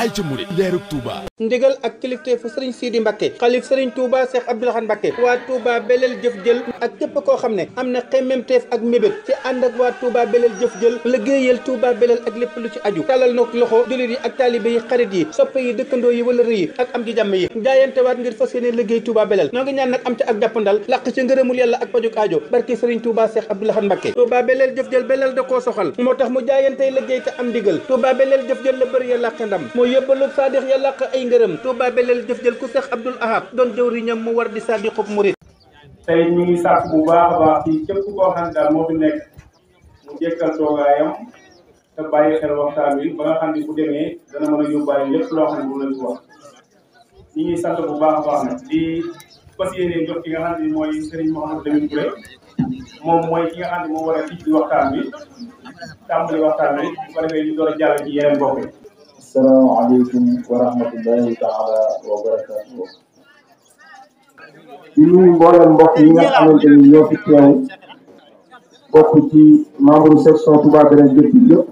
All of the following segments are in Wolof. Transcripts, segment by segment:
ay ca murit leerug Touba. ndigal ak kilifte fa sëriñ Sidi Mbacke xalif sëriñ Touba Cheikh Abdou Lahad Mbacke waa Touba beleel jëf jël ak képp koo xam ne am na xemmemteef ak mébét ci ànd ak waa Touba beleel jëf jël liggéeyal Touba beleel ak lépp lu ci aju talal nag loxo jullit yi ak taalibe yi xarit yi soppe yi dëkkandoo yi wala rëy yi ak am ji jàmm yi jaayante waat ngir fas yéene liggéey Touba beleel noo ngi ñaan nag am ci ak jàppandal làq ci ngërëmul yàlla ak pajuk aajo barki sëriñ Touba Cheikh Abdou Lahad Mbacke Touba beleel jëf jël beleel da koo soxal moo tax mu jaayante liggéey te am ndigal Touba beleel jëf jël la bëri ya làq ndam xaritam mo yóbbalub sadiq yalla ka ay ngërëm Touba Belel def jël ku Seex Abdul Ahad doon jëwriñam mu war di sadiq ko murit tay ñu ngi sax bu baax a baax ci képp koo xam ne mo fi nek mu jekkal togaayam te baye xel waxtaan wi ba nga xam ne bu demee dana mëna a yóbbaale lépp loo xam ne bu leen ko wax ñi ngi sant bu baax a baax nag di fasiyene jox ki nga xam ni mooy Serigne Mouhamadou Lamine Touré mom moy ki nga xam ni mo wara a tijji waxtaan bi tambali waxtaan bi bu ko defee ñu doora a ci yeneen bokk salaamaaleykum wa rahmatullahi taala wa barakaatuhu di nuyu mboolem mbokk yi nga xamante ni ñoo fi teew bokk ci membre section Touba Belel jëpp yëpp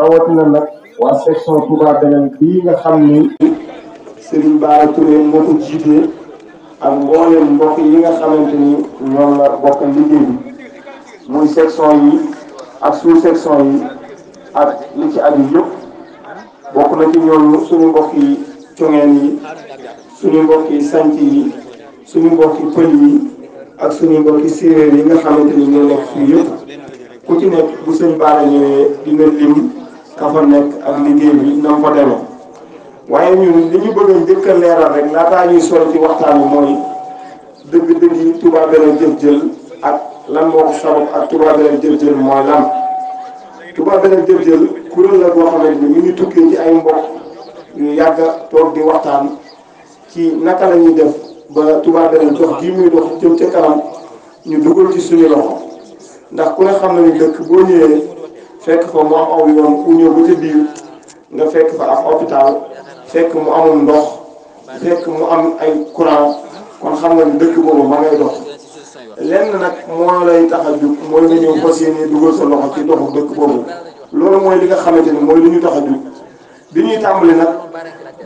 rawatina nag waa section Touba Belel nga xam ni Serigne Bara Touré moo ko ak mboolem mbokk yi nga xamante ni ñoom la bokk liggéey muy section yi ak sous section yi ak li ci aju yëpp bokk na ci ñooñu suñu mbokk yi congeen yi suñu mbokk yi sanc yi suñu mbokk yi pël yi ak suñu mbokk yi yi nga xamante ni nekk fii yëpp ku ci nekk bu sëñ Bara ñëwee dina lim ka nekk ak liggéey bi na fa demee. waaye ñun li ñu bëgg a njëkk a leeral rek laataa ñuy solo ci waxtaan wi mooy dëgg-dëgg yi Touba Jël ak lan moo ko sabab ak Touba Belel Jël mooy lan Touba Belel Jël. kuréel la boo xamante ni ñu ngi tukkee ay mbokk yu yàgg a toog di waxtaan ci naka la ñuy def ba Touba Belel dox gii muy dox ci suñu loxo ndax ku ne xam ne ni dëkk boo ñëwee fekk fa mu am aw yoon fa ab hôpital fekk mu amul ndox fekk mu ay courant kon nga ni dëkk boobu ma ngay dox lenn nag moo lay tax a mooy nga ñëw fas yéene dugal sa loxo ci doxu dëkk boobu. loolu mooy li nga xamante ni mooy li ñu tax a jug bi ñuy tàmbali nag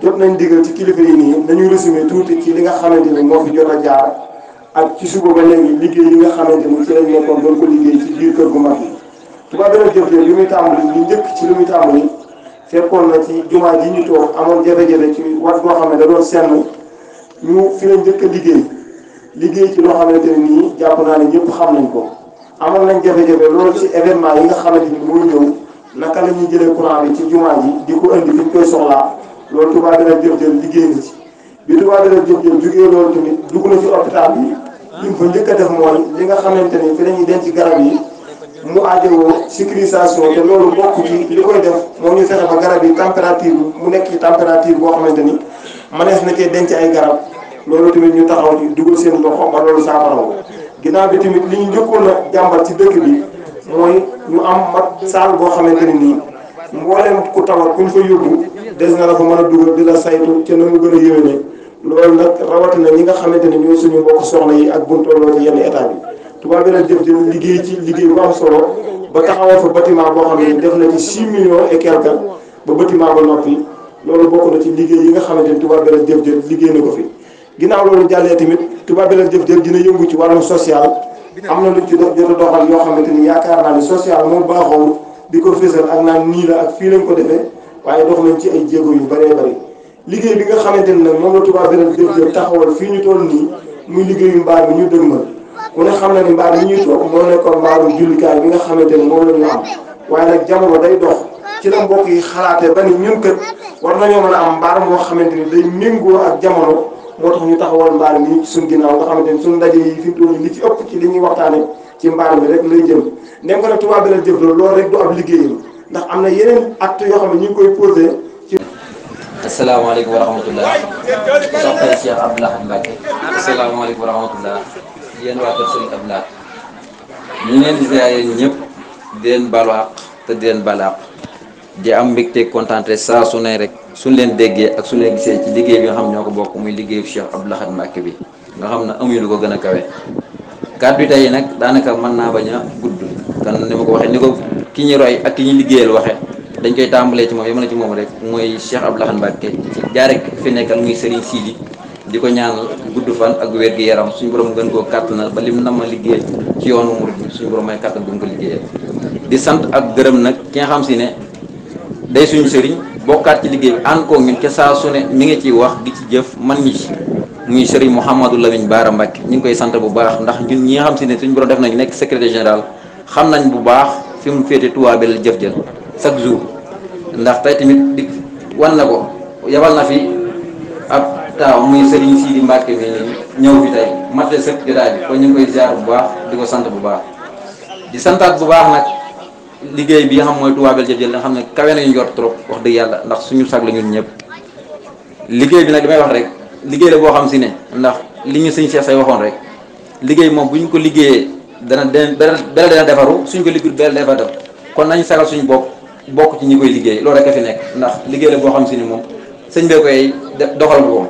jot nañ digal ci kilifa yi nii nañu résumé tuuti ci li nga xamante ni moo fi jot a jaar ak ci suba ba léegi liggéey yi nga xamante ni ci lañ nekkoon doon ko liggéey ci biir kër gu mag yi. Touba Béthio jëf jëf li muy tàmbali li njëkk ci li muy tàmbali fekkoon na ci jumaa ji ñu toog amoon jafe-jafe ci wat boo xam ne da doon senn ñu fi lañ njëkk a liggéey liggéey ci loo xamante ne nii jàpp naa ne ñëpp xam nañ ko amoon nañ jafe-jafe loolu ci événement yi nga xamante ni mooy ñëw naka la ñuy jëlee courant bi ci jumaa ji di ko indi fi koy soxlaa loolu Touba Délai Jël liggéey na ci bi Touba Délai Jëf Jël jugee loolu tamit dugg na ci hôpital bi njëkk def mooy li nga xamante ni fi dañuy denc garab yi mu aajowoo sécurisation te loolu bokk ci li koy def moo ñu fexe ba garab yi température mu nekk ci température boo xamante ni mënees na cee denc ay garab loolu tamit ñu taxaw ci dugal seen loxo ba loolu saafara ginnaaw bi tamit li ñu njëkkoon a jàmbat ci dëkk bi. mooy ñu am mat saal boo xamante ne nii mboolem ku tawat kuñ fa yóbbu des na la fa mën a dugal di la saytu ca na mu gën a yéwénee loolu nag rawatina ñi nga xamante ne ñooy suñu mbokk soxna yi ak buntooloo ci yenn état bi tubaab bi liggéey ci liggéey bu solo ba taxawal fa bâtiment boo xam ne def na ci 6 millions et quelque ba bâtiment ba loolu bokk na ci liggéey yi nga xamante ni tubaab bi nag jëf jëf liggéey na ko fi ginnaaw loolu jàllee tamit tubaab bi nag jëf jëf dina yëngu ci wàllum social amna lu ci do a doxal yo xamanteni yaakar na ni social mo baaxoowul di ko fésal ak na ni la ak fi lañ ko defé waye dox nañ ci ay jéego yu bari bari liggéey bi nga xamante ni nag moom la Touba def Jëf taxawal fi ñu toll ni muy liggéey yu mi ñu dëgmal ku ne xam na ni mbaar mi ñuy toog moo nekkoon mbaaru jullikaay bi nga xamanteni ni la ñu am waye nak jamono day dox ci la mbokk yi xalaate ba ni ñun kat war nañu mëna am mbaar mo xamanteni day mengo ak jamono moo tax ñu taxawal mbaar mi ci suñ ginnaaw nga xamante ni suñ ndaje fi mu li ci ëpp ci li ñuy waxtaane ci mbaar mi rek lay jëm ndem ko nag Touba Belel jëf loolu rek du ab liggéeyam ndax am na yeneen acte yoo xam ñu ngi koy posé ci asalaamaaleykum wa rahmatullah soxna Cheikh Abdou Lahad Mbacké asalaamaaleykum wa rahmatullah yéen waa kër di ziare balu àq te di leen di am mbégte kontaante saa su ne rek suñ leen déggee ak suñ leen gisee ci liggéey bi nga xam ñoo ko bokk muy liggéeyu Cheikh Abdou Lahad Mbacké bi nga xam ne amuñu lu ko gën a kawe kàddu yi tey nag daanaka man naa bañ a gudd kan ni ma ko waxee ni ko ki ñu roy ak ki ñu liggéeyal dañ koy tàmbalee ci moom yamana ci moom rek mooy Cheikh Abdou Lahad Mbacké ci jaarek fi nekkal muy Serigne Sidi di ko ñaanal gudd fan ak wér yaram suñu borom gën koo kàttanal ba lim na ma liggéey ci yoonu murid suñu borom may kàttan bu mu ko liggéeyal di sant ak gërëm nag ki xam si ne day suñu sëriñ bokkaat ci liggéey bi ànd koo ñun ca saa su ne mi ngi ciy wax di ci jëf man ñi ci muy sëriñ Mouhamadou Lamine Bara Mbacke ñu ngi koy sant bu baax ndax ñun ñi nga xam si ne suñu borom def nañ nekk secrétaire général xam nañ bu baax fi mu féete Touba bi la jëf jël chaque jour ndax tey tamit di wan na ko yabal na fi ab taaw muy sëriñ Sidi Mbacke mi ñëw fi tey matle sëkk jotaay bi kon ñu ngi koy ziar bu baax di ko sant bu baax di santaat liggéey bi xam mooy Touba Belgique nga xam ne kawe nañu yor trop wax dëgg yàlla ndax suñu sag la ñun ñëpp liggéey bi nag li may wax rek liggéey la boo xam si ne ndax li ñu sëñ Cheikh say waxoon rek liggéey moom bu ñu ko liggéeyee dana dem bel dana defaru suñ ko liggéey bel defaru kon nañu sagal suñu bokk bokk ci ñi koy liggéey loolu rek a fi nekk ndax liggéey la boo xam si ni moom sëñ bee koy doxal ko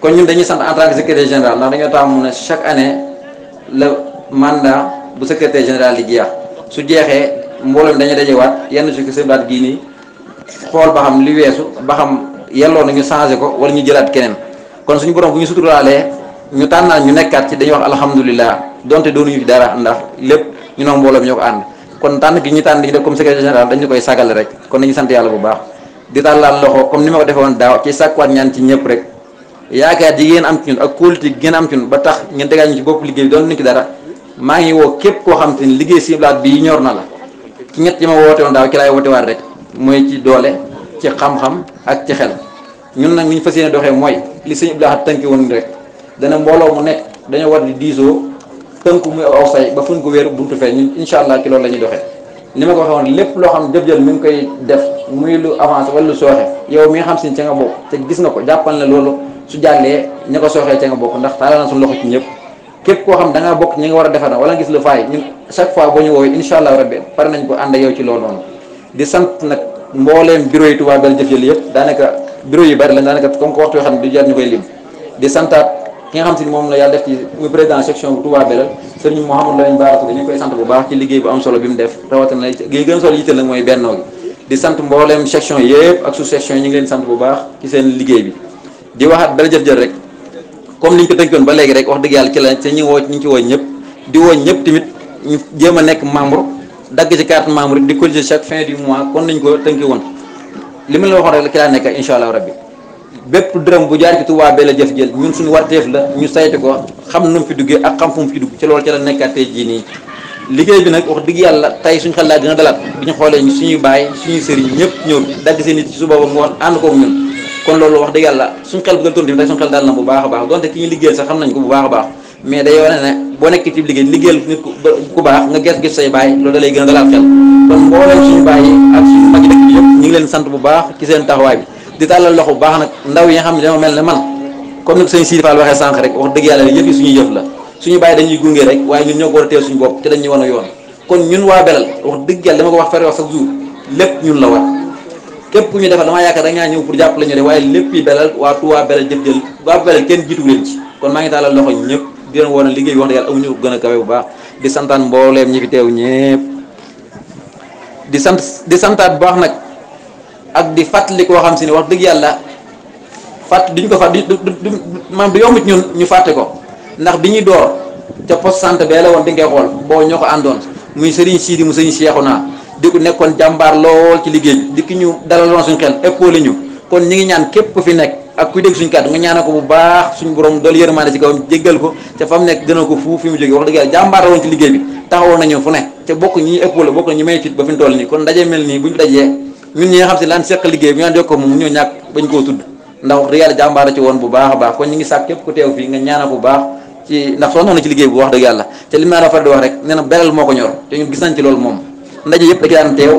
kon ñun dañuy sant en tant que secrétaire général ndax dañoo taamu ne chaque année le mandat bu secrétaire général di jeex su jeexee mbolam dañu dajé wat yenn ci seen baat gii nii xool ba xam li wessu ba xam yello na ñu changer ko wala ñu jëlat keneen kon suñu borom bu ñu suturalé ñu tànnaan ñu nekkat ci dañu wax alhamdullilah donte doonuñu fi dara ndax lepp ñu no mbolam ñoko and kon tan gi ñu tan di def comme secrétaire général dañu koy sagal rek kon ñu sant yalla bu baax di talal loxo comme ni ma ko defee daaw ci sàkkuwaat ñaan ci ñepp rek yaakaar di ngeen am ci ñun ak kóolute gi am ci ñun ba tax ngeen tegaat ñu ci bokku liggéey doon ñu ci dara ma ngi wo képp ko xam liggéey ci blaat bi ñor na la ci ñett yi ma woote woon daaw ci laay waat rek mooy ci doole ci xam-xam ak ci xel ñun nag ni ñu fas yéene doxee mooy li sëñ Abdou Lahad tënki woon rek dana mbooloo mu nekk dañoo war di diisoo tënk muy aw say ba fuñ ko wéeru buntu fee ñun incha allah ci loolu la ñuy doxee li ma ko waxee woon lépp loo xam jëf-jël mi ngi koy def muy lu avancé wala lu sooxe yow mi nga xam si ca nga bokk te gis na ko jàppal na loolu su jàllee ña ko sooxee ca nga bokk ndax taalal na loxo ci ñëpp képp koo xam da ngaa bokk ñi nga war a defar wala gis lu faay ñun chaque fois boo ñu woowee incha allah rabbi pare nañ ko ànd ak yow ci loolu noonu di sant nag mbooleem yëpp daanaka bureau yu bari lañ daanaka comme yoo xam ne du jar ñu koy lim di santaat ki la yàlla def ci muy président bu ñu ngi koy sant bu baax ci liggéey bu am solo bi mu def rawatina gi gën solo yitteel nag section yëpp ak yi ñu sant bu baax ci seen liggéey di waxaat Bel Jëf Jël rek comme niñ ko tënkoon ba léegi rek wax dëgg yàlla ci la ci ñi woo ci woo ñëpp di woo ñëpp tamit ñu jéem a nekk membre dagg ci carte membre di cotiser chaque fin du mois kon nañ ko tënki woon li ma la waxoon rek la ci laa nekk incha allah rabbi bépp dërëm bu jaar ci Tuubaa bee la jëf jël ñun suñu warteef la ñu saytu ko xam nu mu fi duggee ak xam fu mu fi dugg ci loolu ci la nekkaat jii nii liggéey bi nag wax dëgg yàlla tey suñu xel laa gën a dalaat bi ñu xoolee suñuy bàyyi ñëpp ñëw dagg kon loolu wax dëgg yàlla suñ xel bu gën a tourné tamit suñ xel daal na bu baax a baax donte ki ñu liggéeyal sax xam nañ ko bu baax a baax mais day wane ne boo nekk say bàyyi loolu da lay gën a dalal xel suñu bàyyi ñu ngi leen sant bu baax ci seen taxawaay bi di tàllal loxo bu baax nag ndaw yi nga xam ne mel ne man comme ni ko sëñ waxee sànq wax dëgg yàlla yëf suñu yëf la suñu bàyyi dañuy gunge rek waaye ñun ñëw ko war a teew suñu bopp te dañuy wan a yoon kon ñun waa belal wax dëgg yàlla dama ko wax fere wax sa jour lépp ñun la war képp ku ñu defal damaa yaakaar da ngaa ñëw pour jàppale ñu de waaye lépp yi belal waa Touba belal jëf jël waa belal kenn jiitu leen ci kon maa ngi taalal loxo ñëpp di leen woon a liggéey wax dëgg yàlla bu baax di santaan mbooleem ñi fi teew ñëpp di sant di santaat bu baax nag ak di fàttali koo xam si ne wax dëgg yàlla fàtt duñ ko fàtt du du du yomb ci ñun ñu fàtte ko ndax bi ñuy door ca poste santé bee la woon di nga xool boo ñoo ko àndoon muy sëriñ Sidi mu Serigne Cheikhouna di ku nekkoon jàmbaar lool ci liggéey bi di ki ñu dalaloon suñu xel épaulé ñu kon ñu ngi ñaan képp ku fi nekk ak ku dégg suñu kàddu nga ñaanal ko bu baax suñu borom dool yërmaande ci kawam jéggal ko te fa mu nekk gënal ko fu fi mu jógee wax dëgg yàlla jàmbaar la woon ci liggéey bi taxawoon nañu fu ne te bokk toll nii kon ndaje mel nii bu ñu dajee ñun ñi nga xam si laan seq liggéey bi ñu naan jokkoo woon bu baax baax kon ñu ngi sàkk képp ku teew fii nga ñaanal bu baax ci ndax soo noonu ci liggéey bu wax dëgg yàlla te li ma rafet di wax rek nee na beral moo ko ñor te ñun gis ci loolu moom ndaje yëpp da ci daan teew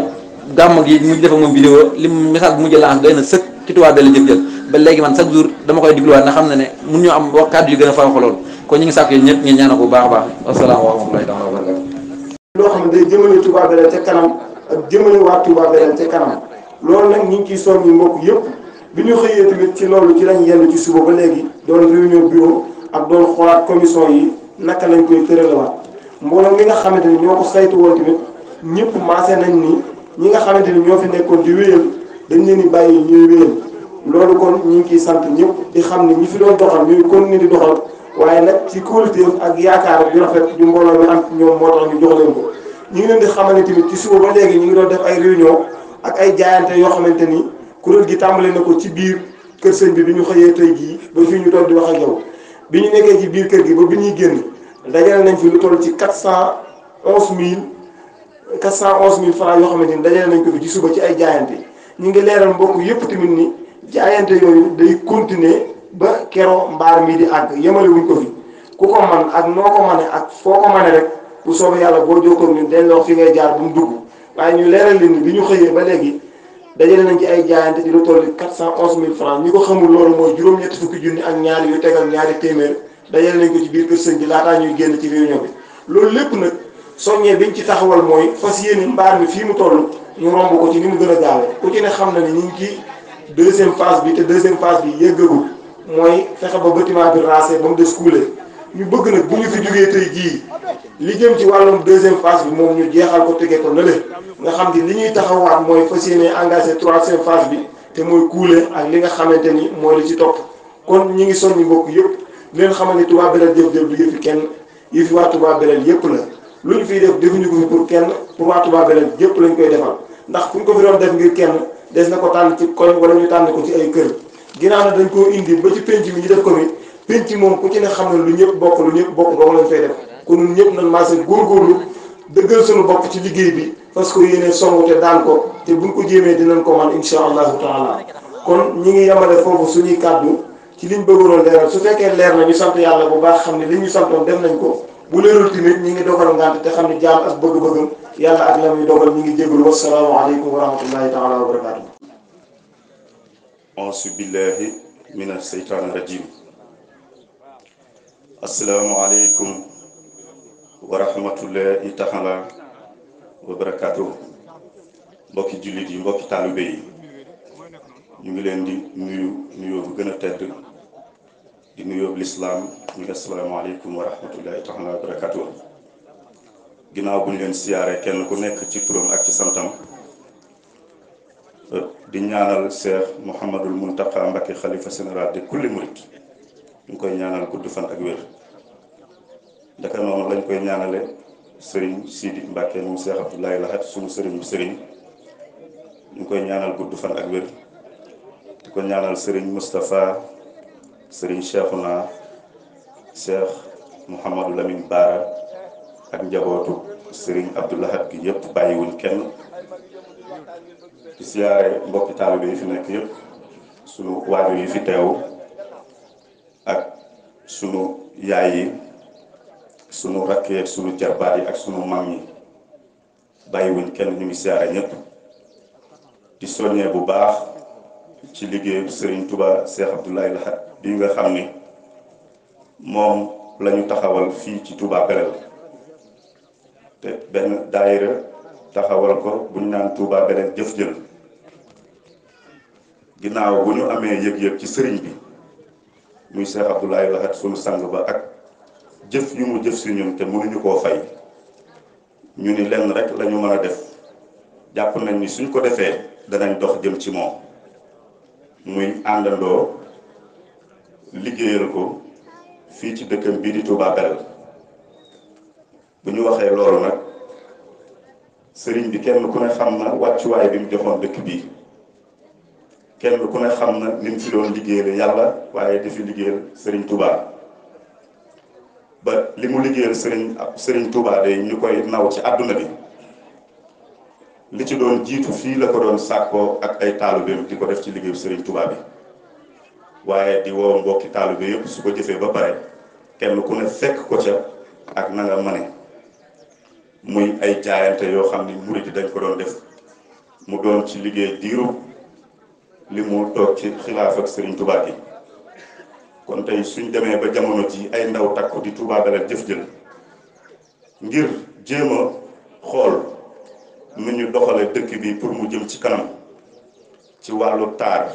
gàmm gi mu defa moom vidéo li message bu mujj lance doy na sëkk ci tubaab bi la jëf jël ba léegi man chaque jour dama koy dégluwaat na xam ne ne mun ñoo am wax kàddu yu gën a faaw loolu kon ñu bu baax a baax loo xam ne day jëmale Touba Belel ca kanam ak jëmale waa kanam loolu nag ñu ngi ciy soññ ñu mbokk yëpp bi ñu xëyee tamit ci loolu ci lañ yenn ci suba ba léegi doon réunion bureau ak doon xoolaat commission yi naka lañ koy tëralawaat mbooloo mi nga xamante ni ñoo ko saytu woon tamit ñëpp maase nañ ni ñi nga xamante ni ñoo fi nekkoon di wéyal dañ leen di bàyyi ñuy wéyal loolu kon ñu ngi sant ñëpp di xam ne ñi fi doon doxal ñuy continuer di doxal waaye nag ci kóoluteef ak yaakaar ju rafet ju mbooloo mi am ñoom moo tax ñu jox leen ko. ñu ngi leen di xamante tamit ci suba léegi ñu ngi doon def ay réunion ak ay jaayante yoo xamante ni kuréel gi tàmbale na ko ci biir kër sëñ bi bi ñu xëyee tey jii ba fii ñu toog di wax a yow bi ñu nekkee ci biir kër gi ba bi ñuy génn dajale nañ fi lu toll ci quatre cent onze mille quatre cent onze mille francs yoo xamante ni dajale nañ ko fi ci suba ci ay jaayante ñu ngi leeral mbokk yëpp tamit ni jaayante yooyu day continuer ba keroo mbaar mii di àgg yemale wuñ ko fi ku ko man ak noo ko mane ak foo ko mane rek bu soobee yàlla boo jokkoog ñun dañ la wax fi ngay jaar bu mu dugg waaye ñu leeral leen ni bi ñu xëyee ba léegi dajale nañ ci ay jaayante ci lu toll quatre cent onze mille francs ñi ko xamul loolu mooy juróom-ñetti fukki junni ak ñaari yu tegal ñaari téeméer dajale nañ ko ci biir kër sëñ bi laataa génn ci réunion bi loolu lépp soññee biñ ci taxawal mooy fas yéene mbaar mi fii mu toll ñu romb ko ci ni mu gën a gaawe ku ci ne xam na ni ñu ngi ci deuxième phase bi te deuxième phase bi yëggagul mooy fexe ba bâtiment bi rancé ba mu des coulé ñu bëgg nag bu ñu fi jógee tey jii li jëm ci wàllum deuxième phase bi moom ñu jeexal ko tegee ko lële nga xam ni li ñuy taxawaat mooy fas yéene engagé troisième phase bi te mooy coulé ak li nga xamante ni mooy li ci topp kon ñi ngi soññi mbokk yëpp leen xamal ni Touba Belel jëf-jëf du kenn yëfi waa Touba Belel yëpp la lu ñu fiy def defuñu ko fi pour kenn pour waa Touba Belel yëpp lañ koy defal ndax kuñ ko fi doon def ngir kenn des na ko tànn ci koñ wala ñu tànn ko ci ay kër ginnaaw na dañ koo indi ba ci penc bi ñu def ko bi penc moom ku ci ne xam ne lu ñëpp bokk lu ñëpp bokk dong lañ fay def kon ñun ñëpp nañ maase góorgóorlu dëggal suñu bopp ci liggéey bi parce que yéene songu te daan ko te buñ ko jéemee dinañ ko man insha allahu taala kon ñi ngi yemale foofu suñuy kàddu ci liñ bëggoon leeral su fekkee leer na ñu sant yàlla bu baax xam ne li ñu santoon def nañ ko bu leerul tamit ñi ngi dogal ngànt te xam ne jaam ak bëgg-bëggam yàlla ak la muy dogal ñi ngi jégalu wa rahmatullahi taala wa barakatuh wa rahmatullahi mbokki jullit yi mbokki taalibe ñu ngi leen di nuyu nuyoo gën a tedd di nuyoo lislaam ñu ngi asalaamaaleykum wa rahmatullahi taala wa ginnaaw bu ñu leen siyaaree kenn ku nekk ci turam ak ci santam euh, di ñaanal Cheikh Mouhamadul Mountakha Mbacké xalifa général de kulli murit ñu ngi koy ñaanal gudd fan ak wér ndaka noonu koy ñaanale sëriñ Sidi Mbacké moom Cheikh Abdoulaye Lahat suñu sëriñ ñu ngi koy ñaanal gudd fan ak wér di ko ñaanal sëriñ Moustapha sëriñ Cheikhouna Cheikh Mouhamadou Lamine Bara ak njabootu sëriñ Abdou Lahad gi yëpp bàyyiwuñ kenn siyaare mbokki taalibe yi fi nekk yëpp sunu waajur yi fi teew ak sunu yaay sunu rakk yi ak sunu jarbaat ak sunu mag yi bàyyiwuñ kenn ñu ngi siyaare ñëpp di soññee bu baax ci liggéey sëriñ tubaa Cheikh Abdoulaye Lahad bi nga xam ni moom lañu ñu taxawal fii ci Touba Belel te benn daayira taxawal ko bu ñu naan Touba Belel jëf jël ginnaaw bu ñu amee yëg-yëg ci sëriñ bi muy Cheikh Abdoulaye Lahad sunu sang ba ak jëf yu mu jëf si ñun te mënuñu koo fay ñu ni lenn rek lañu mën a def jàpp nañ ni suñ ko defee danañ dox jëm ci moom muy àndandoo liggéeyal ko fii ci dëkkam bii di Touba Belel bu ñu waxee loolu nag sëriñ bi kenn ku ne xam na wàccuwaay bi mu joxoon dëkk bii kenn ku ne xam na ni mu fi doon liggéeyal yàlla waaye di fi liggéeyal sëriñ Touba. ba li mu liggéeyal sëriñ sëriñ Touba day ñu koy naw ci àdduna bi. li ci doon jiitu fii la ko doon sàkkoo ak ay taalibeem di ko def ci liggéeyu sëriñ Touba bi waaye di woo mbokki taalibe yëpp su ko jëfee ba pare kenn ku ne fekk ko ca ak na nga mane muy ay jaayante yoo xam ni murid yi dañ ko doon def mu doon ci liggéey diiru li mu toog ci xilaaf ak Serigne Touba bi kon tey suñ demee ba jamono ji ay ndaw ko di Touba Belel jëf jël ngir jéem xool. nu ñu doxalee dëkk bi pour mu jëm ci kanam ci wàllu taar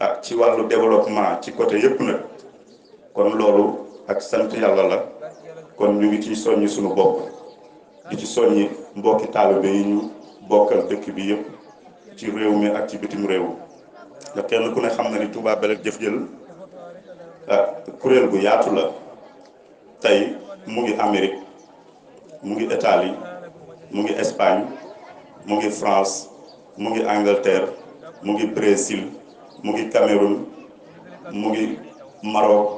ak ci wàllu développement ci côté yépp nag kon loolu ak sant yàlla la kon ñu ngi ciy soññi suñu bopp di ci soññi mbokki taalibe yi ñu bokkal dëkk bi yépp ci réew mi ak ci bitim réew ndax kenn ku ne xam na ni Touba Belel Jëf Jël ah, kuréel gu yaatu la tey mu ngi Amérique mu ngi Italie mu ngi Espagne mu ngi France mu ngi Angleterre mu ngi Brésil mu ngi Cameroun mu ngi Maroc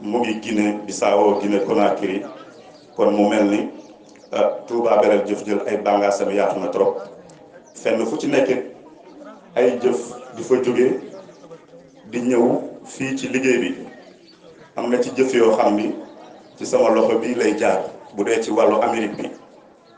mu ngi Guinée Bissau Guinée Conakry kon mu mel ni euh, Touba Belel jëf jël ay bàngaasam yaatu na trop fenn fu ci nekk ay jëf di fa jóge di ñëw fii ci liggéey bi am na ci jëf yoo xam ni ci sama loxo bii lay jaar bu dee ci wàllu Amérique bi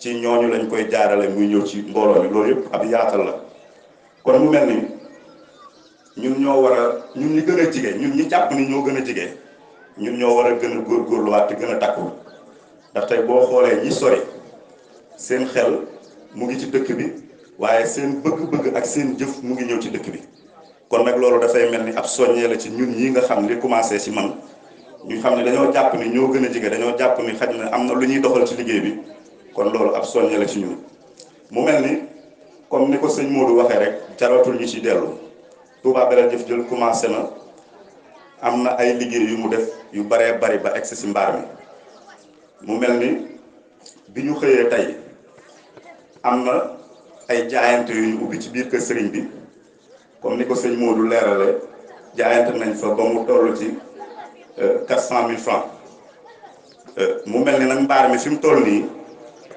ci ñooñu lañ koy jaarale muy ñëw ci mbooloo mi loolu yëpp ab yaatal la kon mu mel ni ñun ñoo war a ñun ñi gën a jige ñun ñi jàpp ni ñoo gën a jige ñun ñoo war a gën a góorgóorluwaat te gën a takku ndax tey boo xoolee ñi sori seen xel mu ngi ci dëkk bi waaye seen bëgg-bëgg ak seen jëf mu ngi ñëw ci dëkk bi kon nag loolu dafay mel ni ab soññee la ci ñun ñi nga xam li commencé ci man ñu xam ne dañoo jàpp ni ñoo gën a jige dañoo jàpp ni xaj na am na lu ñuy doxal ci liggéey bi kon loolu ab soññe la ci ñun mu mel ni comme ni ko sëñ Modou waxee rek jaratul ñu ci dellu Touba Belel Jëf Jël commencé na am na ay liggéey yu mu def yu baree bari ba egsi si mbaar mi mu mel ni bi ñu xëyee tey am na ay jaayante yu ñu ubbi ci biir kër sëriñ bi comme ni ko sëñ Modou leerale jaayante nañ fa ba mu toll ci euh, quatre cent euh, mu mel ni nag mbaar mi fi mu toll nii.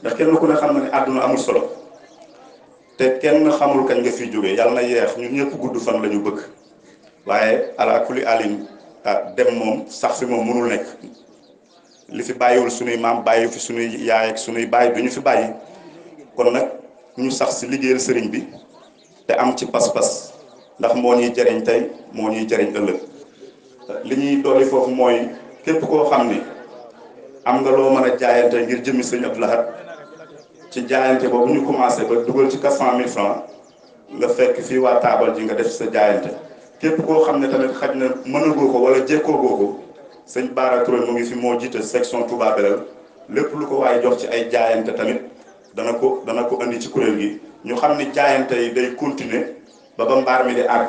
ndax kenn ku ne xam na ne àdduna amul solo te kenn xamul kañ nga fiy jógee yal na yeex ñu ñëpp gudd fan lañu bëgg waaye ala kulli alim ah, dem moom sax fi moom mënul nekk li fi bàyyiwul sunuy maam bàyyi fi sunuy yaay ak sunuy bàyyi du ñu fi bàyyi kon nag ñu sax si liggéeyal sëriñ bi te am ci pas-pas ndax moo ñuy jariñ tey moo ñuy jariñ ëllëg li ñuy dolli foofu mooy képp koo xam ni am nga loo mën a jaayante ngir jëmmi sëriñ Abdou Lahad ci jaayante boobu ñu commencé ba dugal ci quatre cent mille francs nga fekk fii waa taabal ji nga def sa jaayante képp koo xam ne tamit xaj na mënagoo ko wala jékkoo goo ko sëñ Bara Touré mu ngi fi moo jiite section Touba Belel lépp lu ko waaye jox ci ay jaayante tamit dana ko dana ko indi ci kuréel gi ñu xam ni jaayante yi day continuer ba ba mbaar mi di àgg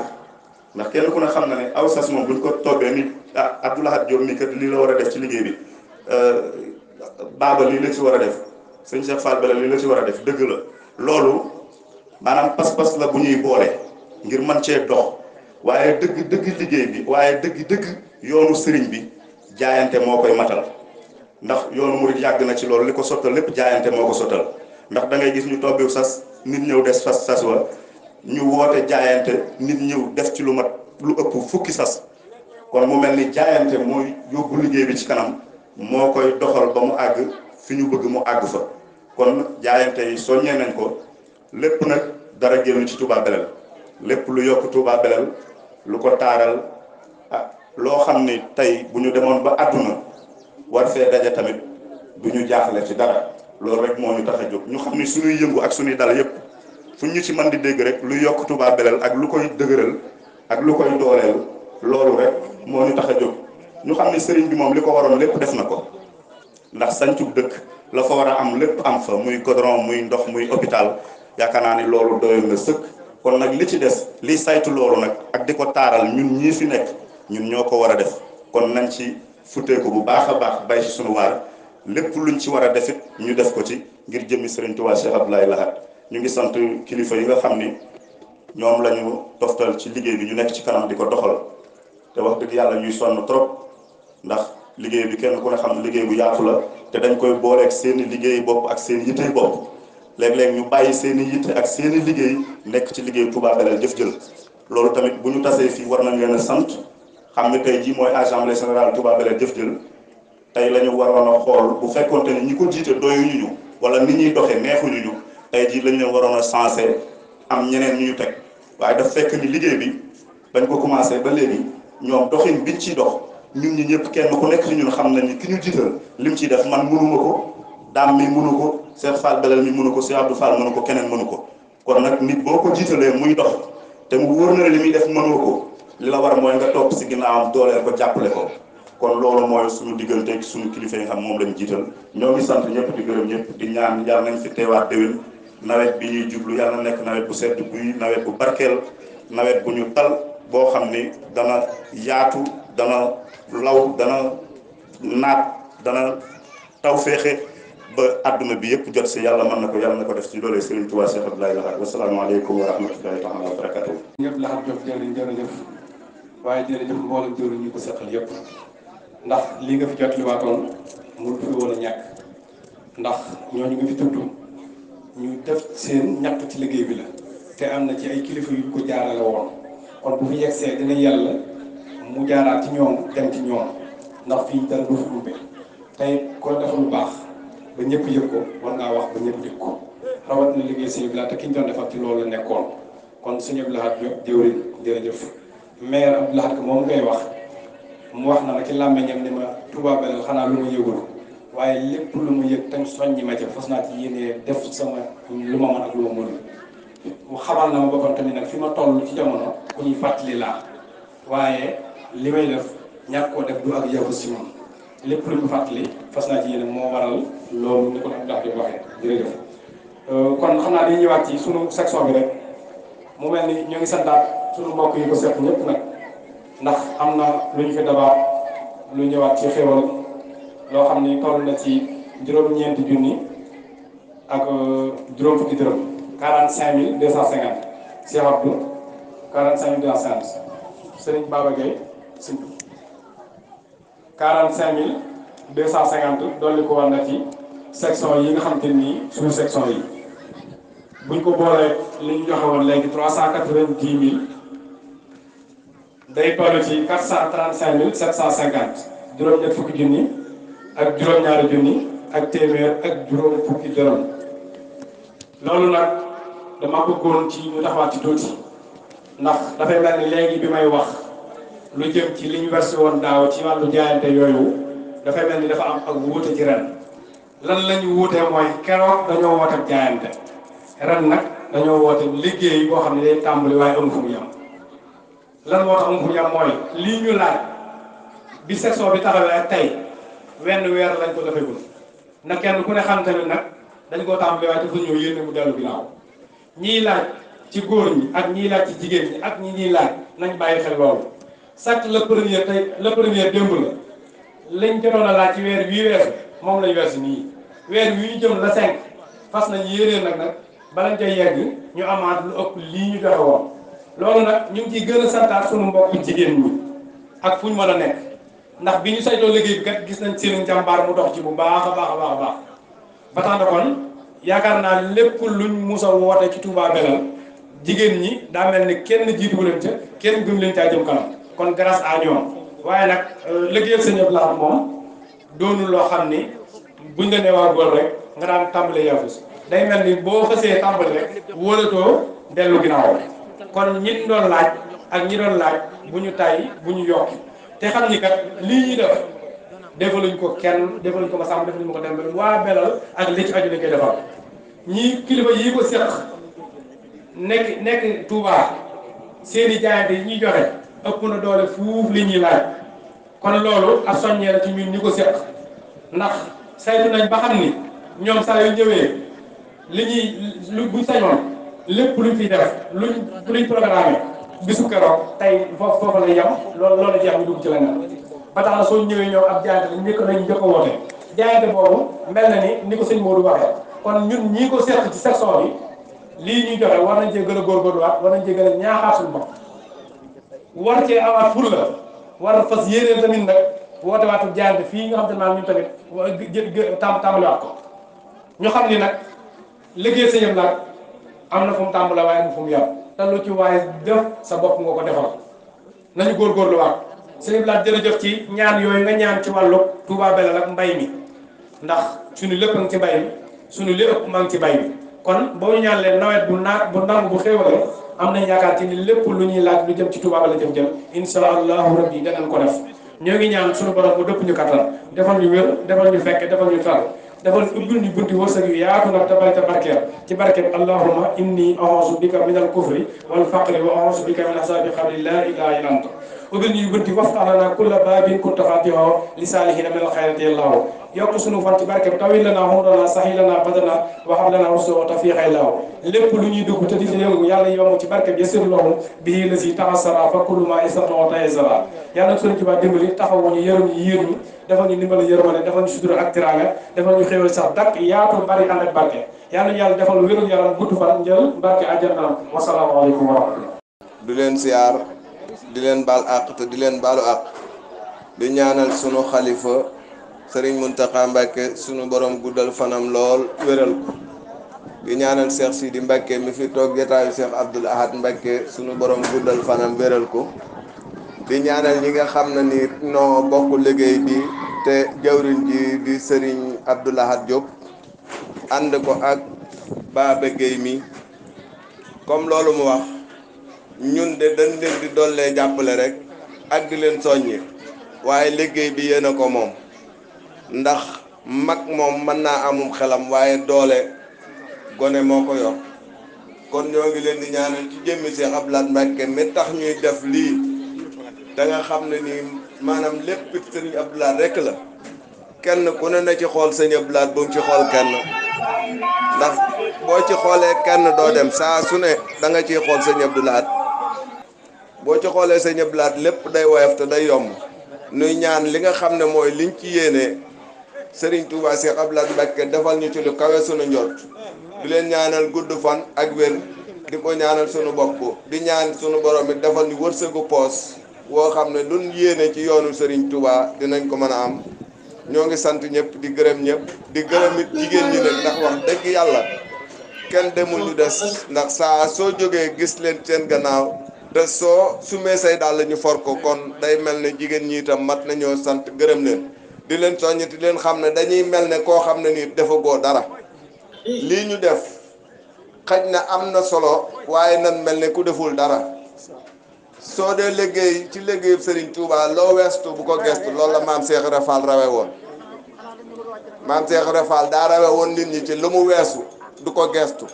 ndax kenn ku ne xam na ne aw sas moom buñ ko toggee ni ah Abdoulahat Diop mi kat lii war a def ci liggéey bi euh, baaba lii la ci war a def sëñ Cheikh Fall Bella li la ci war a def dëgg la loolu maanaam pas-pas la bu ñuy boole ngir man cee dox waaye dëgg dëgg liggéey bi waaye dëgg dëgg yoonu sëriñ bi jaayante moo koy matal ndax yoonu murid yàgg na ci loolu li ko sottal lépp jaayante moo ko sottal ndax da ngay gis ñu tobbiw sas nit ñëw des fas sas wa ñu woote jaayante nit ñëw def ci lu mat lu ëpp fukki sas kon mu mel ni jaayante mooy yóbbu liggéey bi ci kanam moo koy doxal ba mu àgg fi ñu bëgg mu àgg fa kon jaayante yi soo nañ ko lépp nag dara génn ci Touba lépp lu yokk Touba lu ko taaral ah loo xam ni tey bu ñu demoon ba àdduna war fee daje tamit du ñu jaaxle ci dara loolu rek moo ñu tax a jóg ñu xam ni suñuy yëngu ak suñuy dal yépp fu ñu ci mën di dégg rek lu yokk Touba ak lu koy dëgëral ak lu koy dooleel loolu rek moo ñu tax a jóg ñu xam ni sëriñ bi moom li ko waroon lépp def na ko ndax sancub dëkk la fa war a am lépp am fa muy godron muy ndox muy hôpital yaakaar naa ni loolu doyul nga sëkk kon nag li ci des li saytu loolu nag ak di ko taaral ñun ñii fi nekk ñun ñoo ko war a def kon nañ ci futteeku bu baax a baax bay ci sunu waar lépp luñ ci war a defit ñu def ko ci ngir jëmmi Serigne Touba Cheikh Abdoulaye Lahad ñu ngi sant kilifa yi nga xam ni ñoom la ñu toftal ci liggéey bi ñu nekk ci kanam di ko doxal te wax dëgg yàlla ñuy sonn trop liggéey bi kenn ku ne xam ne liggéey bu yaatu la te dañ koy booleeg seeni liggéey bopp ak seen yittey bopp léeg-léeg ñu bàyyi seeni yitte ak seeni liggéey nekk ci liggéey Touba Belel jëf jël loolu tamit bu ñu tasee fii war nañ leen sant xam ne tey jii mooy assemblée générale Touba Belel jëf jël tey la ñu waroon a xool bu fekkonte ne ñi ko jiite doyuñu ñu wala ni ñuy doxee neexuñu ñu tey jii lañu leen waroon a sensé am ñeneen ñu ñu teg waaye daf fekk ni liggéey bi dañ ko commencé ba léegi ñoom doxin biñ ciy dox. ñun ñi ñëpp kenn ku nekk si ñun xam na ni ki ñu jiital lim ciy def man mënuma ko daam mi mënu ko seen Fall Belal mi mënu ko Cheikh Abdou Fall mënu ko keneen mënu ko kon nag nit boo ko jiitalee muy dox te mu wóor na li muy def mënoo ko li la war mooy nga topp si ginnaawam dooleel ko jàppale ko kon loolu mooy suñu digganteeg suñu kilifa yi nga xam moom lañ jiital ñoo ngi sant ñëpp di gërëm ñëpp di ñaan yàlla nañ fi teewaat déwén nawet bi ñuy jublu yàlla nekk nawet bu sedd buy nawet bu barkeel nawet bu ñu tal boo xam ni dana yaatu dana law dana naat dana taw ba adduna bi yëpp jot si yàlla mën na ko yàlla na ko def si doole Serigne Touba Cheikh Abdoulaye Lahad wasalaamaaleykum wa rahmatullahi taala wa waaye jërëjëf ñu ko seqal yëpp ndax li nga fi jot li waatoon mënu fi woon a ñàkk ndax ñooñu nga fi tudd ñu def seen ñàkk ci liggéey bi la te am na ci ay kilifa yu ko jaarale woon kon bu fi yegsee dina yàlla mu jaaraat ci ñoom dem ci ñoom ndax fii dara du fi ruube tey kon def lu baax ba ñëpp yëg ko war ngaa wax ba ñëpp dégg ko rawat na liggéey sëñ bi laata ki ñu doon defar ci loolu la nekkoon kon suñu Abdou Lahad Diop jëwriñ jërëjëf mais Abdou Lahad ko moom ngay wax mu wax na la ci làmmeñam ni ma Touba Belel xanaa lu ma yëgul waaye lépp lu ma yëg tam soññi ma ca fas naa ci yéenee def sama lu ma mën ak lu ma mënul bu xamal na ma boppam tamit nag fi ma toll ci jamono ku ñuy fàttali laa waaye li may def ñàkk koo def du ak yow si moom lépp lu ñu fàttali fas naa ci yéen moo waral loolu ni ko am ndax waxee jërëjëf euh, kon xam naa dañuy ñëwaat ci sunu section bi rek mu mel ni ñoo ngi santaat sunu mbokk yi ko seq ñëpp nag ndax am na lu ñu fi dabaat lu ñëwaat ci xéwal loo xam ni toll na ci juróom-ñeenti junni ak euh, juróom fukki dërëm 45 mille 250 Cheikh Abdou 45 mille 250 Serigne Baba Gueye Sintu 45 cent 250 dolli ko war na ci section yi nga xam te nii sous section yi buñ ko boolee li ñu joxe woon léegi 390 mille day toll ci 435 cent 750 juróom-ñett fukki junni ak juróom-ñaari junni ak téeméer ak juróom fukki dërëm loolu nag dama bëggoon ci ñu taxawaat ci tuuti ndax dafay mel ni léegi bi may wax lu jëm ci li ñu versé woon daaw ci wàllu jaayante yooyu dafay mel ni dafa am ak wuute ci ren lan la ñu wuute mooy keroog dañoo woot ak jaayante ren nag dañoo woote liggéey boo xam ne day tàmbali waaye amu fu mu yem lan moo tax amu fu mu yem mooy lii ñu laaj bi section bi taxawee ak tey wenn weer lañ ko defagul na kenn ku ne xam tamit nag dañ koo tàmbali waaye te fu ñëw yéene mu dellu ñiy laaj ci góor ñi ak ñiy laaj ci jigéen ñi ak ñi ñuy laaj nañ bàyyi xel loolu sàcc le premier tey le premier démb la lañ jotoon a laaj ci weer wii weesu moom lañu weesu nii weer wi jëm la cinq fas nañ yéeneen nag nag balañ ca yegg ñu amaat lu ëpp lii ñu joxe loolu nag ñu ngi ciy gën a santaat suñu mbokk jigéen ñi ak fu ñu mën a nekk ndax bi ñu saytoo liggéey bi kat gis nañ seen njàmbaar mu dox ci bu baax a baax a baax a baax ba yaakaar naa lépp luñ musa woote ci Touba Belal jigéen ñi daa mel ni kenn jiitu leen ca kenn gën leen caa jëm kanam kon grâce à ñoom waaye nag euh, liggéeyal Sëñ Abdou Lahad moom doonu loo xam ni buñ la nee waa rek nga daan tàmbale yaafus day mel ni boo xësee tàmbale rek wóolatoo dellu ginnaaw kon ñi doon laaj ak ñi doon laaj bu ñu tay bu ñu yokk te xam ni kat lii ñuy def. defaluñ ko kenn defaluñ ko ma sàmm defaluñ ma ko dem ba waa belal ak li ci aju lañ koy defal ñii kilifa yii ko seq nekk nekk Touba seeni jaayante yi ñuy joxe ëpp na doole fuuf li ñuy laaj kon loolu ab soññee la ci ñun ñi ko seq ndax saytu nañ ba xam ni ñoom saa yu ñëwee li ñuy lu buñ sañoon lépp luñ fi def luñ luñ programme bisu keroog tey foofu foofu la yem loolu loolu jeex ñu dugg ci leneen ba tax soo ñëwee ñoom ab jaayante lañ njëkk lañ njëkk a woote jaayante boobu mel na ni ni ko sëñ Modou waxee kon ñun ñii ko seq ci section bi lii ñuy joxe war nañ cee gën a góorgóorluwaat war nañ cee gën a ñaaxaat suñu bopp war cee amaat ful la war a fas yéeneen tamit nag woote waatu jaayante fii nga xam te maanaam ñun tamit tam tàmbaliwaat ko ñu xam ni nag liggéey sëñam nag am na fu mu tàmbala waaye am na fu te lu ci waaye def sa bopp nga ko defal nañu góorgóorluwaat blad dina jox ci ñaan yoy nga ñaan ci walu Touba belal ak mbay mi ndax suñu lepp ngi ci mbay mi suñu lepp maa ci mbay mi kon bo ñaan le nawet bu na bu nang bu xewal am na yaakaar ci ni lépp lu ñuy laaj lu jëm ci Touba la jëm-jëm insha allahu rabbi nga ko def ñoo ngi ñaan suñu borom bu depp ñu katal defal ñu wër defal ñu fekk defal ñu tal defal ubbil ñu bunti wërsëg yu yaatu nag ta bay ta barkel ci barkel allahuma inni a'uuzu bika min al kufri wal faqri wa a'uuzu bika min azabi qabri la ilaha illa anta ubbil ñuy bunti waftaxlanaa kulla baabin kunta faatihahu li saalihiina min alxayrati yàllaahu yokk suñu fan ci barke bi tawil lanaa xumranaa saxi lanaa badana wa hab lanaa rusuwa tawfiiqa yàllaahu lépp lu ñuy dugg te di yëngu yàlla yomb ci barke bi yasir lahum bihi lasi taxasara fa kullu ma istatoo tayasara yàlla suñu ci baa dimbali taxawu ñu yërëm ñu yéer ñu dafa ñu ndimbal yërmale dafa ñu sutura ak tiraanga dafa ñu xéewal sax dakk yaatu bari ànd ak barke yàlla yàlla defal wérul yaram gudd fan njël barke àjjanaam wasalaamaaleykum wa rahmatullah di len bal ak te di len balu ak di ñaanal sunu suno serigne muntaka mbake sunu borom guddal fanam lol wéral ko di ñaanal Cheikh Sidi mbake mi fi tok jotaay Cheikh abdul Ahad mbake sunu borom guddal fanam wéral ko di ñaanal ñi nga xam ni no bokku liggey bi te jawrin ji di sering abdul Ahad job and ko ak Baba Guèye mi comme lolou mu wax ñun de dañ leen di dollee jàppale rek ak di leen soññi waaye liggéey bi yéen a ko moom ndax mag moom mën naa amum xelam waaye doole gone moo ko yor kon ñoo ngi leen di ñaanal ci jëmmi Cheikh Abdou Lahad Mbacké mi tax ñuy def lii da xam ne nii maanaam lépp sëriñ Abdou Lahad la kenn ku ne na ci xool sëñ Abdou Lahad bu ci xool kenn ndax boo ci xoolee kenn doo dem saa su ne da nga ciy xool sëñ Abdou Lahad boo ci xoolee sa Abdou Lahad lépp day woyof te day yomb nuy ñaan li nga xam ne mooy liñ ci yéene Serigne Touba Cheikh Abdou Lahad Mbacké defal ñu ci lu kawe sunu njort di leen ñaanal gudd fan ak wér di ko ñaanal sunu bopp di ñaan sunu borom bi defal ñu wërsëgu poos woo xam ne luñ yéene ci yoonu Serigne Touba dinañ ko mën a am ñoo ngi sant ñëpp di gërëm ñëpp di gërëm it jigéen ñi nag ndax wax dëgg yàlla kenn demul ñu des ndax saa soo jógee gis leen seen gannaaw. te soo sumee say daal la ñu for ko kon day mel ne jigéen ñi itam mat nañoo sant gërëm leen di leen soññ di leen xam ne dañuy mel ne koo xam ne ni defagoo dara lii ñu def xaj na am na solo waaye nan mel ne ku deful dara soo dee liggéey ci liggéey sëriñ Touba loo weestu bu ko gestu loolu la maam Cheikh Rafal rawe woon maam Cheikh Rafal daa rawe woon nit ñi ci lu mu weesu du ko geestu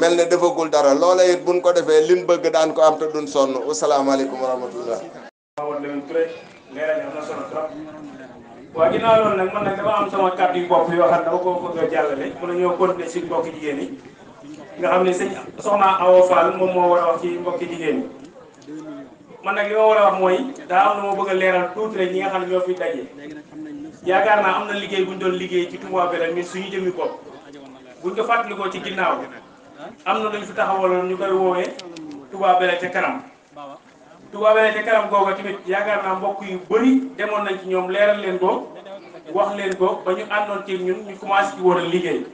mel ne defagul dara loola it buñ ko defee liñ bëgg daan ko am te duñ sonn asalaamaaleykum wa rahmatullah waawoon Lamine Touré leeral am na solo loolu nag man nag dama am sama kàddu yu bopp yoo xam ne dama ko bëgg a jàllale mën na ñoo continuer si mbokki jigéen nga xam ne sëñ soxna Awa Fall moom moo war a wax ci mbokki jigéen yi man nag li ma war a wax mooy daa am na ma bëgg a leeral tuuti rek ñi nga xam ne ñoo fi daje yaakaar naa am na liggéey buñ doon liggéey ci Touba Belel mi suñu jëmi bopp ko fàttalikoo ci ginnaaw am na luñ fi taxawaloon ñu koy woowee Touba Belel ca kanam Touba Belel ca kanam googa tamit yaakaar naa mbokk yu bëri demoon nañ ci ñoom leeral leen ko wax leen ko ba ñu àndoon ci ñun ñu commencé ci war liggéey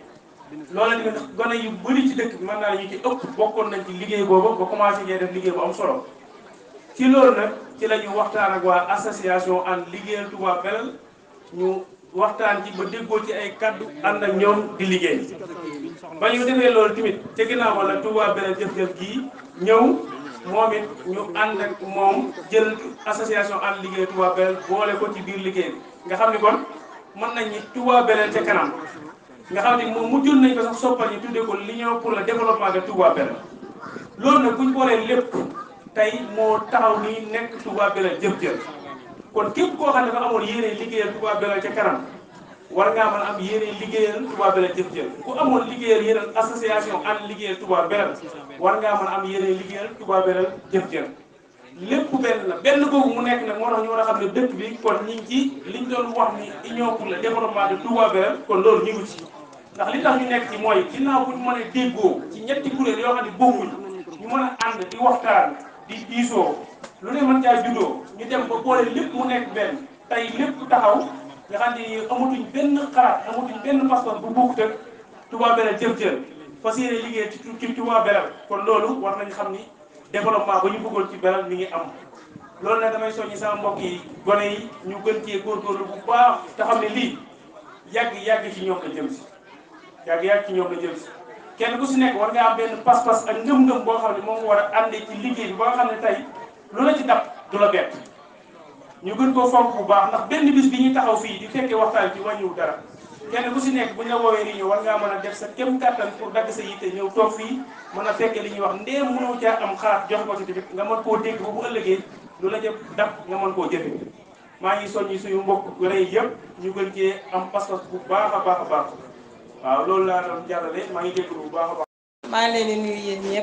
loolu tamit gone yu bëri ci dëkk mën naa ñu ci ëpp bokkoon nañ ci liggéey boobu ba commencé ñee def liggéey bu am solo ci loolu nag ci la waxtaan ak waa association ànd liggéeyal Touba Belel ñu waxtaan ci ba déggoo ci ay kaddu ànd ak ñoom di liggéey ba ñu defee loolu tamit ca ginnaaw wala Touba beneen jëf-jëf gii ñëw moom it ñu ànd ak moom jël association ànd liggéey Touba beneen boole ko ci biir liggéey bi nga xam ni kon mën nañ ni Touba beneen ca kanam nga xam ni moom mujjoon nañ ko sax soppal ñu dundee ko li l'union pour le développement de Touba loolu nag bu ñu boolee lépp tey moo taxaw nii nekk Touba beneen jëf-jëf kon képp koo xam ne dafa amoon yéene liggéeyal tubaab belal ca kanam war ngaa mën a am yéene liggéeyal tubaab belal jëf jël ku amoon liggéeyal yeneen association ànd liggéeyal tubaab war ngaa mën a am yéene liggéeyal tubaab belal jëf jël lépp benn la benn googu mu nekk nag moo tax ñu war a xam ne dëkk bi kon ñu ngi ci liñ doon wax ni union pour le développement de Touba Belel kon loolu ñu ngi ci ndax li tax ñu nekk ci mooy ginnaaw bu ñu mën a déggoo ci ñetti kuréel yoo xam ne bokkuñ ñu mën a ànd di waxtaan di diisoo lu ne mën caa juddoo ñu dem ba boole lépp mu nekk benn tey lépp taxaw nga xam ni amatuñ benn xalaat amatuñ benn passeport bu bokkut ak Touba Belel jëm jël fas yéene liggéey ci ci Touba Belel kon loolu war nañ xam ni développement ba ñu bëggoon ci Belel mi ngi am loolu nag damay soññi sama mbokk yi gone yi ñu gën cee góorgóorlu bu baax xam ne lii yàgg yàgg ci ñoom la jëm si yàgg yàgg ci ñoom la jëm si kenn ku si nekk war nga am benn pas-pas ak ngëm-ngëm boo xam ne moom war a àndee ci liggéey bi ba xam ne tey lu la ci dab du la bett ñu gën koo fonk bu baax ndax benn bis bi ñuy taxaw fii di fekkee waxtaan ci wàññiwu dara kenn bu si nekk bu ñu la woowee réunion war ngaa mën a def sa kem kàttan pour dagg sa yitte ñëw toog fii mën a fekkee li ñuy wax ndéem mënoo caa am xalaat joxe ko ci tamit nga mën koo dégg ba bu ëllëgee lu la jëpp dab nga mën koo jëfe maa ngi soññi suñu mbokk rey yëpp ñu gën cee am pas-pas bu baax a baax a baax waaw loolu laa doon jàllale maa ngi déglu bu baax a baax ngi leen di nuyu yéen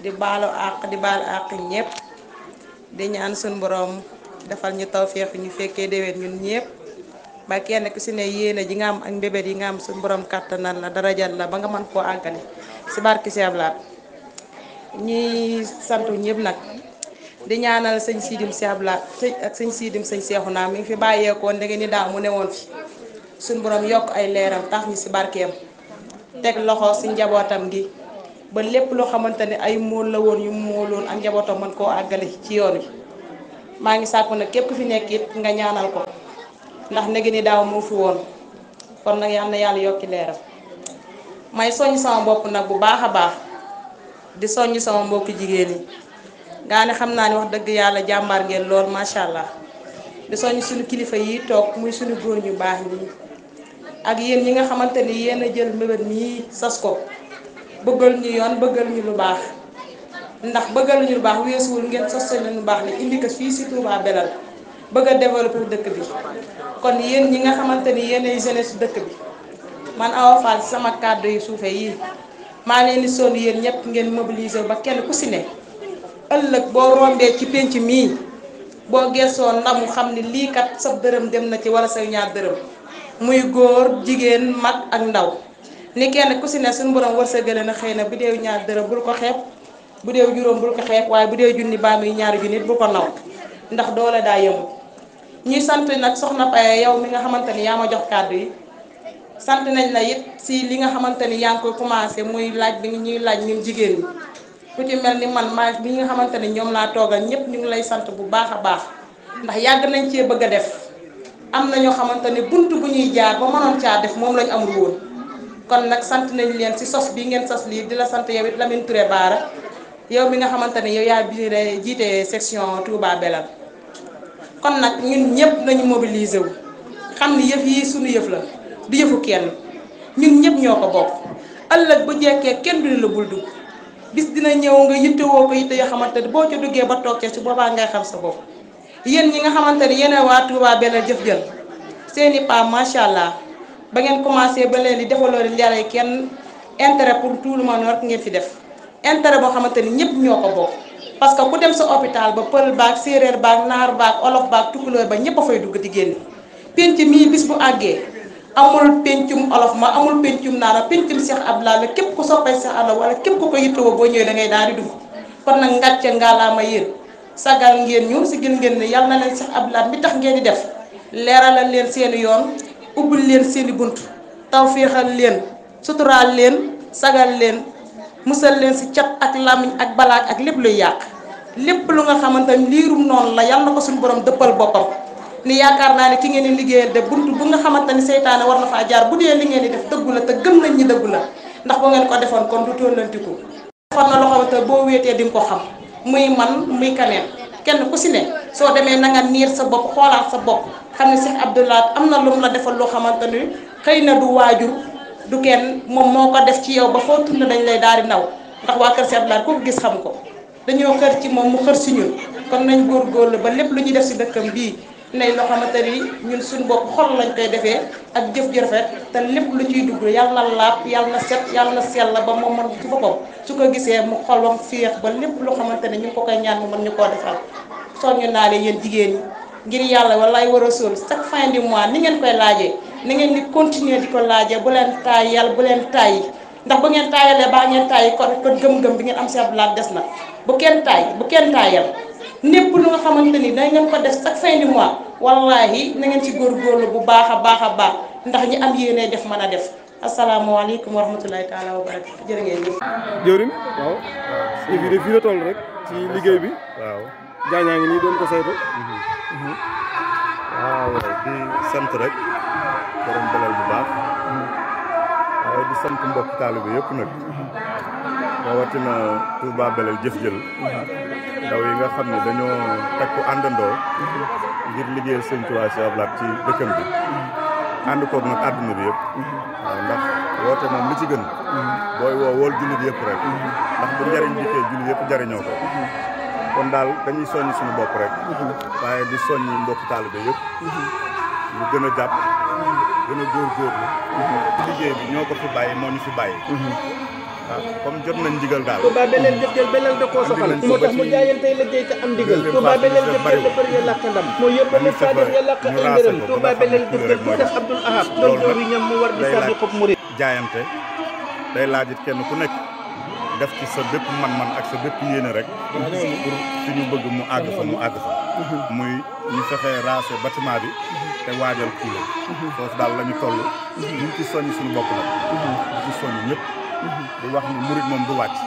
di balo ak di bal ak ñepp di ñaan suñ borom defal ñu tawfiq ñu fekke dewet ñun ñepp ba kenn ku si ne yéene ji nga am ak mbébét yi nga am suñ borom kàttanal la darajal la ba nga man ko àggale ci barki ci ablat ñi santu ñepp nak di ñaanal sidim ci ablat tej ak señ sidim señ cheikhou na mi fi bàyyeekoon da ngeen ni da mu newon fi suñ borom yok ay leral tax ñu ci barkem tek loxo ci njabotam gi ba lépp loo xamante ne ay mool la woon yu mooloon ak njabootam mën koo àggale ci yoon wi maa ngi sàkku nag képp ku fi nekk it nga ñaanal ko ndax negi ni daaw moo woon kon nag yal yàlla yokki leeram may soññ sama bopp nag bu baax a baax di soññ sama mbokki jigéen yi ngaa xam naa ni wax dëgg yàlla jàmbaar ngeen lool macha allah di soññ suñu kilifa yi toog muy suñu góor ñu baax ñi ak yéen ñi nga xamante ni yéen a jël mbébét yi sas ko bëggal ñu yoon bëggal ñu lu baax ndax bëggal ñu lu baax weesuwul ngeen sos leen lu baax li indi ko fii si Touba Belel bëgg a dëkk bi kon yéen ñi nga xamante ni yéenay jeunesse dëkk bi man Awa Fall sama kàddu yu suufee yi maa leen ni sonn yéen ñëpp ngeen mobiliser ba kenn ku si ne ëllëg boo rombee ci pénc mii boo geesoo ndamu xam ni lii kat sa dërëm dem na ci wala say ñaar dërëm muy góor jigéen mat ak ndaw. ni kenn ku si ne suñu borom wërsëgale na xëy na bu dee ñaar dërëm bul ko xeeb bu dee juróom bul ko xeeb waaye bu dee junni baa muy ñaari junni nit bu ko naw ndax doole daa yëngu ñuy sant nag soxna yow mi nga xamante ni yaa ma jox kàddu yi sant nañ la it si li nga xamante ni yaa ngi koy commencé muy laaj bi ñuy laaj ñun jigéen ñi ku ci mel ni man maa bi nga xamante ni ñoom laa toogal ñëpp ñu ngi lay sant bu baax a baax ndax yàgg nañ cee bëgg a def am na ñoo xamante ni bunt bu ñuy jaar ba mënoon caa def moom lañ amul woon. kon nag sant nañ leen si sos bi ngeen sos lii di la sant yow it Lamine Touré Baara yow mi nga xamante ne yow yaa biire jiite section Touba Belal kon nag ñun ñëpp nañu mobiliser wu xam ni yëf yi suñu yëf la du yëfu kenn ñun ñëpp ñoo ko bokk ëllëg bu jekkee kenn duñu la bul dugg bis dina ñëw nga yittewoo ko yitte yoo xamante ne boo ca duggee ba toog ca ci boobaa ngay xam sa bopp yéen ñi nga xamante ne yéen waa Touba jëf jël seen i pas macha allah. ba ngeen commencé ba leen di defaloo leen yàlla kenn intérêt pour tout le monde rek ngeen fi def intérêt boo xamante ni ñëpp ñoo ko bokk parce que ku dem sa hôpital ba pël baag séeréer baag naar baag olof baag tukulóor ba ñëpp a fay dugg di génn penc mii bis bu àggee amul pencum olof ma amul pencum naara pencum Cheikh Abdoulaye la képp ku soppay Cheikh Abdoulaye wala képp ku ko yittewoo boo ñëwee da ngay daal di dugg kon nag ngàcce ngaalaama yéen sagal ngeen ñu si gën ngeen ne yàlla na leen Cheikh Abdoulaye mi tax ngeen di def leeralal leen seen yoon ubul leen seeni buntu tawfiixal leen suturaal leen sagal leen musal leen si cat ak làmmiñ ak balaak ak lépp luy yàq lépp lu nga xamantani ni liirum noonu la yàlla na ko suñu borom dëppal boppam ni yaakaar naa ne ki ngeen di liggéeyal de buntu bu nga xamantani ni seytaane war na faa jaar bu dee li ngeen di def dëggu la te gëm nañ ñi dëggu la ndax boo ngeen ko defoon kon du tollantiku defoon na loxo xamante boo wéetee di nga ko xam muy man muy kaneen kenn ku si ne soo demee na nga niir sa bopp xoolaat sa bopp xam ne Cheikh Abdou Lahad am na lum la defal loo xamante ni xëy na du waajur du kenn moom moo ko def ci yow ba foo tund dañ lay daal di naw ndax waa kër Cheikh Abdou ko gis xam ko dañoo xër ci moom mu xër si ñun kon nañ góorgóorlu ba lépp lu ñuy def si dëkkam bii nay loo xamante ni ñun suñu bopp xol lañ koy defee ak jëf ju rafet te lépp lu ciy dugg yàlla na laab yàlla na set yàlla na sell ba moom man ci boppam su ko gisee mu xolam féex ba lépp loo xamante ne ñu ngi ko koy ñaan mu mën ñu koo defal soññu naa leen yéen jigéen ñi ngir yalla wallahi wa rasul chaque fin du mois ni ngeen koy laaje ni ngeen di continuer di laaje bu len tay yalla bu len tay ndax bu ngeen tayale ba ngeen tay kon kon gem gem bi ngeen am seen laaj dess na bu ken tay bu ken tayal nepp lu nga xamanteni ngeen ko dess chaque fin du mois wallahi na ngeen ci góorgóorlu bu baax a baax ndax ñi am yene def mana def Assalamualaikum wa taala wa barakatu jërë ngeen jëf. jëwriñ waaw fii de fi la toll rek ci liggéey bi. waaw doon ko saytu. Mhm. waaw di sant rek borom dalal bu baax waaye di sant mbokk taalibe yëpp nag rawatina Touba Belel jëf jël ndaw yi nga xam ne dañoo takku àndandoo ngir liggéeyal sëñ Tuubaa si Ablaat ci dëkkam bi ànd koog nag àdduna bi yëpp waaw ndax woote moom li ci gën booy woo wool jullit yëpp rek ndax bu njariñ dikkee jullit yëpp jariñoo ko kon daal dañuy soññ suñu bopp rek. Mhm. waaye di soññi mbokk taalibe yëpp. mu mhm. gën a jàpp. Mhm. gën a góorgóorlu. liggéey bi ñoo ko fi bàyyi moo ñu fi bàyyi. waaw comme jot nañ ndigal daal. Touba beneen jëfteel beneen da koo soxal. moo tax mu jaayantey liggéey te am ndigal. Touba beneen jëfteel dafa rëy làkk ndam. moo yëpp mu faadam ya làkk ay ngërëm. Touba beneen nag jaayante day laaj it kenn ku nekk. def ci sa bépp man-man ak sa bépp yéene rek pour fi ñu bëgg mu àgg fa mu àgg fa muy ñu fexe raase bâtiment bi te waajal kuule mhm. foofu daal lañu ñu toll ci soññ suñu bopp nag ci soññ ñëpp di wax ni murit moom du wàcc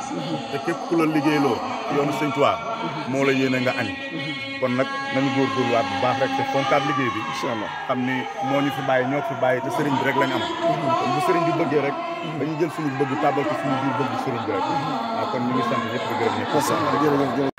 te képp ku la liggéeyloo yoonu sëñ Tuubaa moo la yéene nga añ kon nag nañu góorgóorluwaat bu baax rek te fonkaat liggéey bi la xam ni moo ñu fi bàyyi ñoo fi bàyyi te sëriñ bi rek lañ am kon bu sëriñ bi bëggee rek dañu jël suñu bëgg tàbbal ko suñu biir bëgg sëriñ bi rek